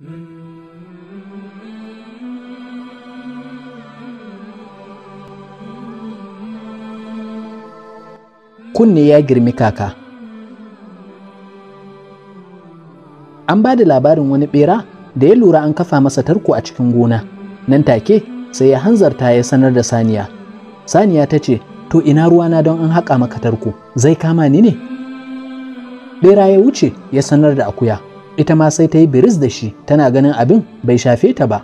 Kunne ya girmi kaka. An ba da labarin wani bera da ya lura an kafa masa tarko a cikin gona. Nan take sai ya hanzarta ya sanar da saniya. Saniya ta ce, To ina ruwana don an haƙa maka tarko, zai kama ni ne? Ɓera ya wuce ya sanar da akuya. ita ma sai ta yi biris da shi tana ganin abin bai shafe ta ba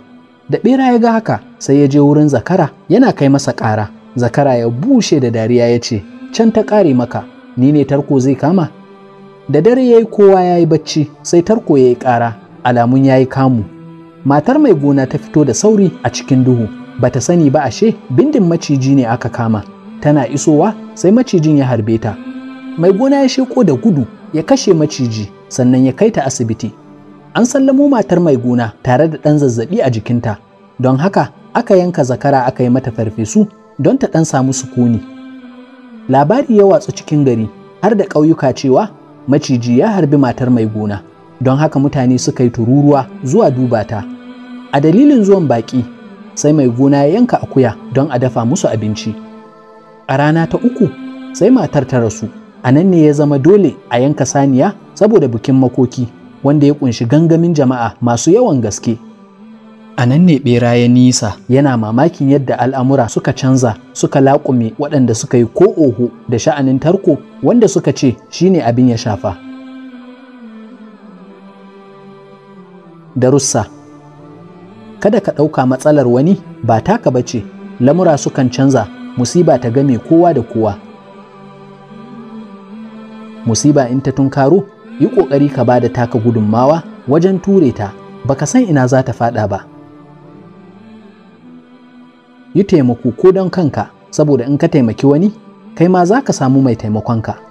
da ɓera ya ga haka sai ya je wurin zakara yana kai masa ƙara zakara ya bushe da dariya ya ce can ta ƙare maka ni ne tarko zai kama da dare ya yi kowa ya yi bacci sai tarko ya yi ƙara alamun ya yi kamu matar mai gona ta fito da sauri a cikin duhu bata sani ba ashe bindin maciji ne aka kama tana isowa sai macijin ya harbe ta mai gona ya sheko da gudu ya kashe maciji sannan ya kai ta asibiti. An sallamo matar mai gona tare da ɗan zazzaɓi a jikinta, don haka aka yanka zakara aka yi mata farfesu don ta ɗan samu sukuni. Labari ya watsu cikin gari har da ƙauyuka cewa maciji ya harbi matar mai gona, don haka mutane suka yi tururuwa zuwa duba ta. A dalilin zuwan baƙi, sai mai gona ya yanka akuya don a dafa musu abinci. A rana ta uku, sai matar ta rasu. a nan ne ya zama dole a yanka saniya saboda bikin makoki wanda ya kunshi gangamin jama'a masu yawan gaske a nan ne bera ya nisa yana mamakin yadda al'amura suka canza suka laƙume waɗanda suka yi ko oho da sha'anin tarko wanda suka ce shine abin ya shafa darussa kada ka ɗauka matsalar wani ba taka ba ce lamura sukan canza musiba ta game kowa da kowa musiba in ta tunkaro yi ƙoƙari ka bada taka gudunmawa wajen ture ta baka san ina za ta faɗa ba yi taimako ko don kanka saboda in ka taimaki wani kai ma za ka samu mai taimakonka